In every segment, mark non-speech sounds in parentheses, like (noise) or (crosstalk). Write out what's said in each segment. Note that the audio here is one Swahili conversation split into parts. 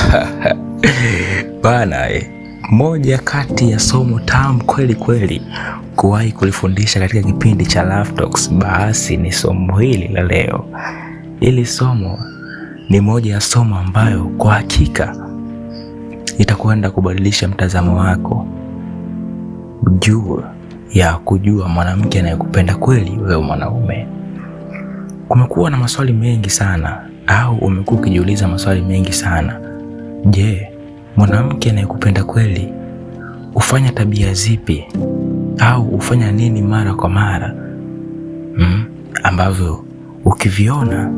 (laughs) Bana eh. Moja kati ya somo tamu kweli kweli kuwahi kulifundisha katika kipindi cha Love Talks, basi ni somo hili la leo. Hili somo ni moja ya somo ambayo kwa hakika itakwenda kubadilisha mtazamo wako juu ya kujua mwanamke anayekupenda kweli wewe mwanaume. Kumekuwa na maswali mengi sana, au umekuwa ukijiuliza maswali mengi sana Je, mwanamke anayekupenda kweli hufanya tabia zipi au hufanya nini mara kwa mara mm, ambavyo ukiviona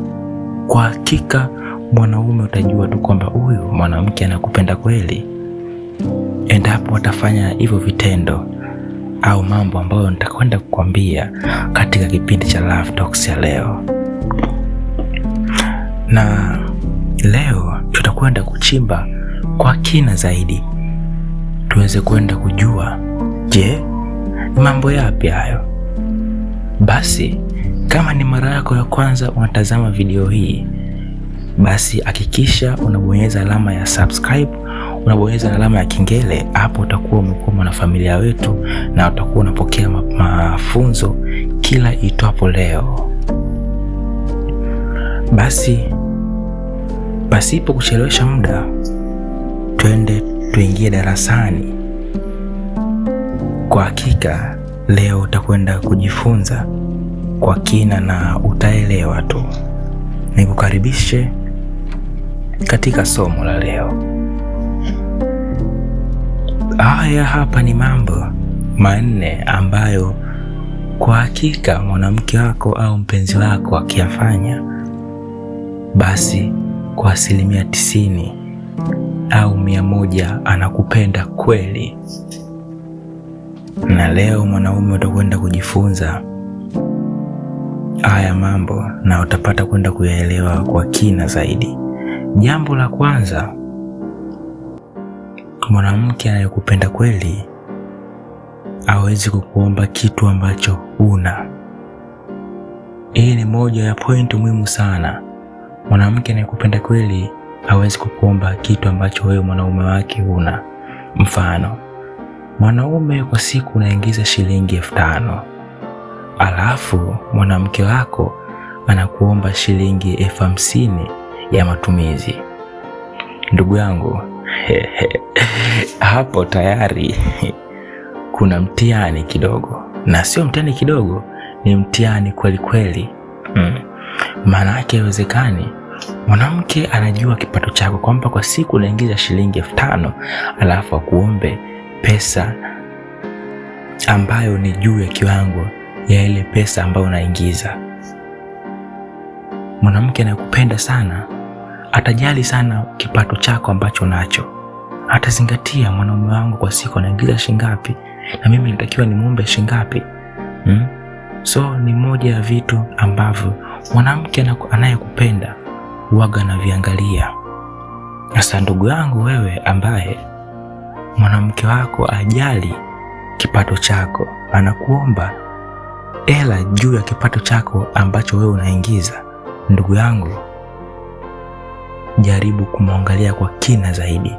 kwa hakika mwanaume utajua tu kwamba huyu mwanamke anakupenda kweli, endapo atafanya hivyo vitendo au mambo ambayo nitakwenda kukwambia katika kipindi cha Love Talks ya leo. Na leo kwenda kuchimba kwa kina zaidi, tuweze kwenda kujua, je, mambo yapi hayo? Basi kama ni mara yako ya kwanza unatazama video hii, basi hakikisha unabonyeza alama ya subscribe, unabonyeza alama ya kengele. Hapo utakuwa umekuwa mwanafamilia wetu na utakuwa unapokea mafunzo kila itwapo leo. Basi Pasipo kuchelewesha muda, twende tuingie darasani. Kwa hakika leo utakwenda kujifunza kwa kina na utaelewa tu. Nikukaribishe katika somo la leo. Haya, hapa ni mambo manne ambayo kwa hakika mwanamke wako au mpenzi wako akiyafanya basi kwa asilimia tisini au mia moja anakupenda kweli. Na leo mwanaume, utakwenda kujifunza haya mambo na utapata kwenda kuyaelewa kwa kina zaidi. Jambo la kwanza, mwanamke anayekupenda kweli hawezi kukuomba kitu ambacho huna. Hii ni moja ya pointi muhimu sana. Mwanamke anayekupenda kweli hawezi kukuomba kitu ambacho wewe mwanaume wake huna. Mfano, mwanaume kwa siku unaingiza shilingi elfu tano alafu mwanamke wako anakuomba shilingi elfu hamsini ya matumizi. Ndugu yangu (laughs) hapo tayari (laughs) kuna mtihani kidogo, na sio mtihani kidogo, ni mtihani kweli kweli. Mm. Maana yake haiwezekani. Mwanamke anajua kipato chako kwamba kwa siku unaingiza shilingi elfu tano alafu akuombe pesa ambayo ni juu ya kiwango ya ile pesa ambayo unaingiza. Mwanamke anayekupenda sana atajali sana kipato chako ambacho nacho, atazingatia mwanaume wangu kwa siku anaingiza shingapi na mimi natakiwa nimwombe shingapi, hmm? So ni moja ya vitu ambavyo mwanamke anayekupenda na viangalia Sasa ndugu yangu, wewe ambaye mwanamke wako ajali kipato chako, anakuomba hela juu ya kipato chako ambacho wewe unaingiza, ndugu yangu, jaribu kumwangalia kwa kina zaidi.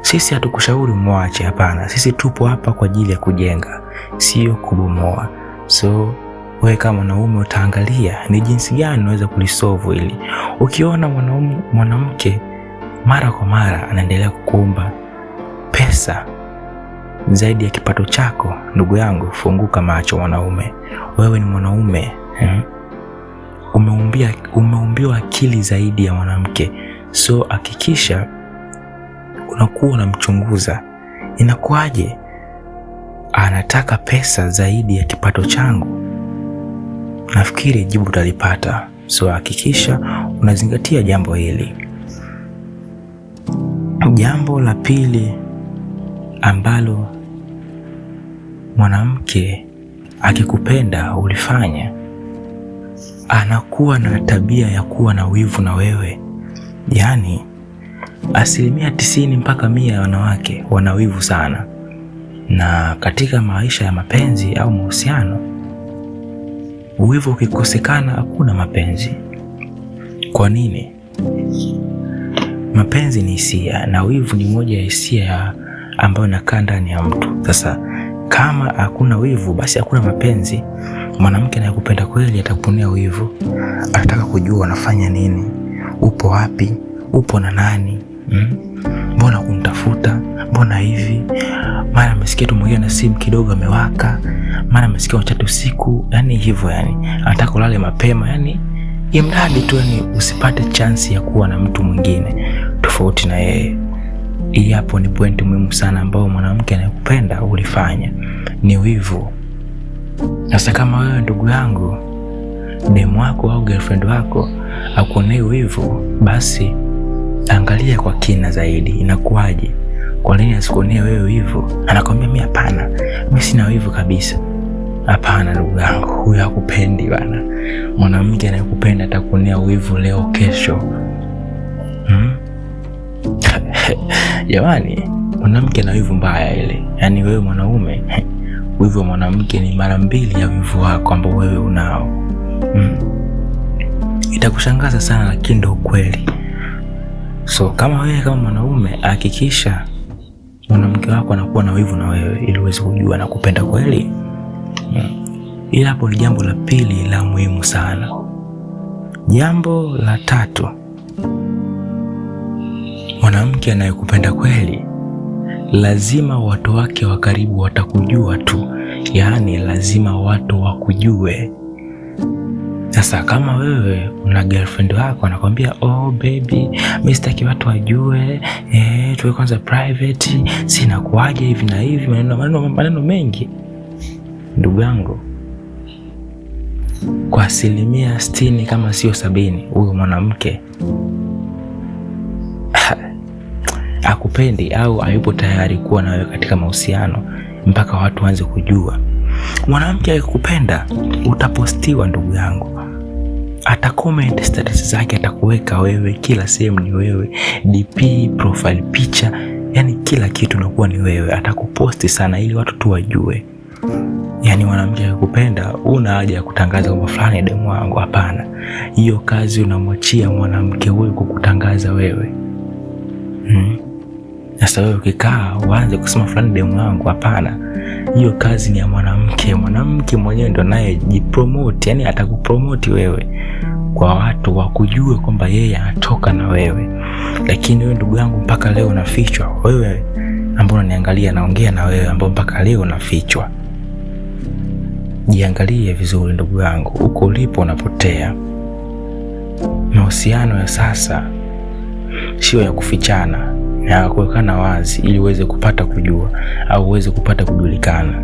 Sisi hatukushauri mwache, hapana. Sisi tupo hapa kwa ajili ya kujenga, sio kubomoa. So wewe kama mwanaume utaangalia ni jinsi gani unaweza kulisolve hili. Ukiona mwanaume mwanamke mara kwa mara anaendelea kukuomba pesa zaidi ya kipato chako, ndugu yangu, funguka macho mwanaume. Wewe ni mwanaume hmm? Umeumbia, umeumbiwa akili zaidi ya mwanamke, so hakikisha unakuwa unamchunguza. Inakuwaje anataka pesa zaidi ya kipato changu? Nafikiri jibu utalipata, so hakikisha unazingatia jambo hili. Jambo la pili ambalo mwanamke akikupenda ulifanya, anakuwa na tabia ya kuwa na wivu na wewe. Yaani asilimia tisini mpaka mia ya wanawake wana wivu sana, na katika maisha ya mapenzi au mahusiano Wivu ukikosekana hakuna mapenzi. Kwa nini? Mapenzi ni hisia na wivu ni moja ya hisia ambayo inakaa ndani ya mtu. Sasa kama hakuna wivu, basi hakuna mapenzi. Mwanamke anayekupenda kweli atakuponea wivu, atataka kujua unafanya nini, upo wapi, upo na nani, mm? mbona kumtafuta, mbona hivi? Mara amesikia tu mwingine na simu kidogo amewaka, mara amesikia wachati usiku, yani hivyo, yani anataka ulale mapema, yani imradi tu, yani usipate chansi ya kuwa na mtu mwingine tofauti na yeye. Hii hapo ni pointi muhimu sana ambayo mwanamke anayekupenda ulifanya, ni wivu. Sasa kama wewe ndugu yangu, demu wako au girlfriend wako akuonei wivu, basi angalia kwa kina zaidi, inakuwaje? Kwa nini asikuonee wewe wivu? Anakwambia mi hapana, mi sina wivu kabisa. Hapana ndugu yangu, huyo hakupendi bana. Mwanamke anayekupenda atakuonea wivu leo, kesho. Hmm? (laughs) Jamani, mwanamke na wivu mbaya ile. Yaani wewe mwanaume, (laughs) wivu wa mwanamke ni mara mbili ya wivu wako ambao wewe unao. Hmm. Itakushangaza sana, lakini ndo ukweli. So kama wewe kama mwanaume, hakikisha mwanamke wako anakuwa na wivu na wewe, ili uweze kujua na kupenda kweli. Hmm. Ila hapo ni jambo la pili la muhimu sana. Jambo la tatu, mwanamke anayekupenda kweli lazima watu wake wa karibu watakujua tu, yaani lazima watu wakujue. Sasa kama wewe una girlfriend wako anakwambia, oh baby, mimi sitaki watu wajue, eh, tuwe kwanza private, sina kuaje hivi na hivi, maneno maneno maneno mengi, ndugu yangu, kwa asilimia sitini kama sio sabini, huyo mwanamke (laughs) akupendi au hayupo tayari kuwa na wewe katika mahusiano mpaka watu waanze kujua. Mwanamke akikupenda utapostiwa, ndugu yangu ata comment status zake, atakuweka wewe kila sehemu, ni wewe DP, profile picha yani kila kitu nakuwa ni wewe. Atakuposti sana ili watu tu wajue, yani mwanamke akikupenda, una haja ya kutangaza kwamba fulani demu wangu. Hapana, hiyo kazi unamwachia mwanamke huyu kukutangaza wewe. Hmm. Sasa wewe ukikaa uanze kusema fulani demu wangu, hapana hiyo kazi ni ya mwanamke. Mwanamke mwenyewe ndo naye jipromote, yani atakupromote wewe kwa watu wakujue kwamba yeye anatoka na wewe. Lakini wewe ndugu yangu, mpaka leo unafichwa wewe, ambao unaniangalia naongea na wewe, ambao mpaka leo unafichwa. Jiangalie vizuri ndugu yangu, huko ulipo unapotea. Mahusiano ya sasa sio ya kufichana ya kuwekana wazi, ili uweze kupata kujua au uweze kupata kujulikana.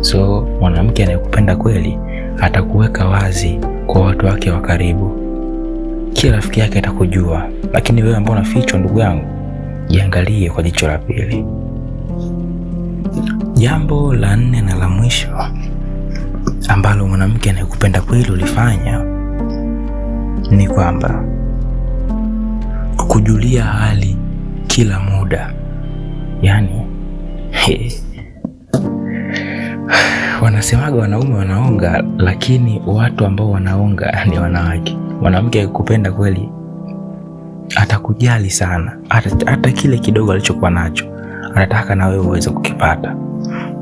So mwanamke anayekupenda kweli atakuweka wazi kwa watu wake wa karibu, kila rafiki yake atakujua. Lakini wewe ambao unafichwa, ndugu yangu, jiangalie kwa jicho la pili. Jambo la nne na la mwisho ambalo mwanamke anayekupenda kweli ulifanya ni kwamba kukujulia hali kila muda yani Wanasemaga wanaume wanaonga, lakini watu ambao wanaonga (laughs) ni wanawake. Mwanamke akikupenda kweli atakujali sana, hata kile kidogo alichokuwa nacho anataka na wewe uweze kukipata,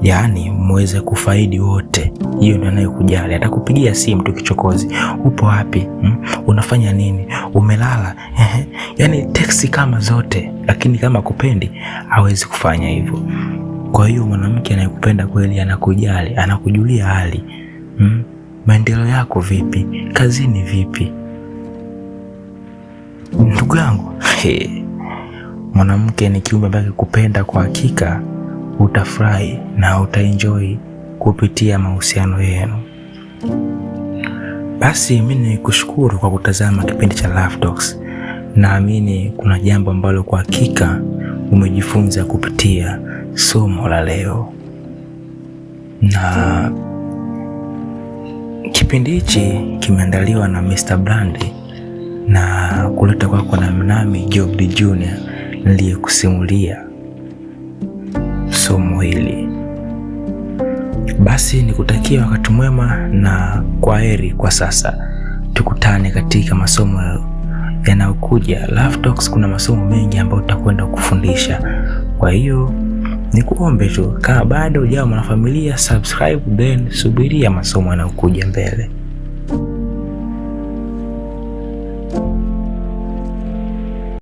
yaani muweze kufaidi wote. Hiyo ndio anayokujali, atakupigia simu tu kichokozi, upo wapi? Hmm? unafanya nini? umelala? yani teksi kama zote, lakini kama kupendi hawezi kufanya hivyo. Kwa hiyo mwanamke anayekupenda kweli anakujali, anakujulia hali hmm? maendeleo yako vipi, kazini vipi, ndugu yangu Mwanamke ni kiumbe ambaye kupenda kwa hakika utafurahi na utaenjoy kupitia mahusiano yenu. Basi mimi nikushukuru kwa kutazama kipindi cha Love Talks. Naamini kuna jambo ambalo kwa hakika umejifunza kupitia somo la leo, na kipindi hichi kimeandaliwa na Mr. Brandy na kuleta kwako na nami Job Junior niliyekusimulia somo hili. Basi nikutakia wakati mwema na kwaheri kwa sasa, tukutane katika masomo yanayokuja. Love Talks kuna masomo mengi ambayo tutakwenda kufundisha, kwa hiyo ni kuombe tu, kama bado hujawa mwanafamilia, subscribe then subiria masomo yanayokuja mbele.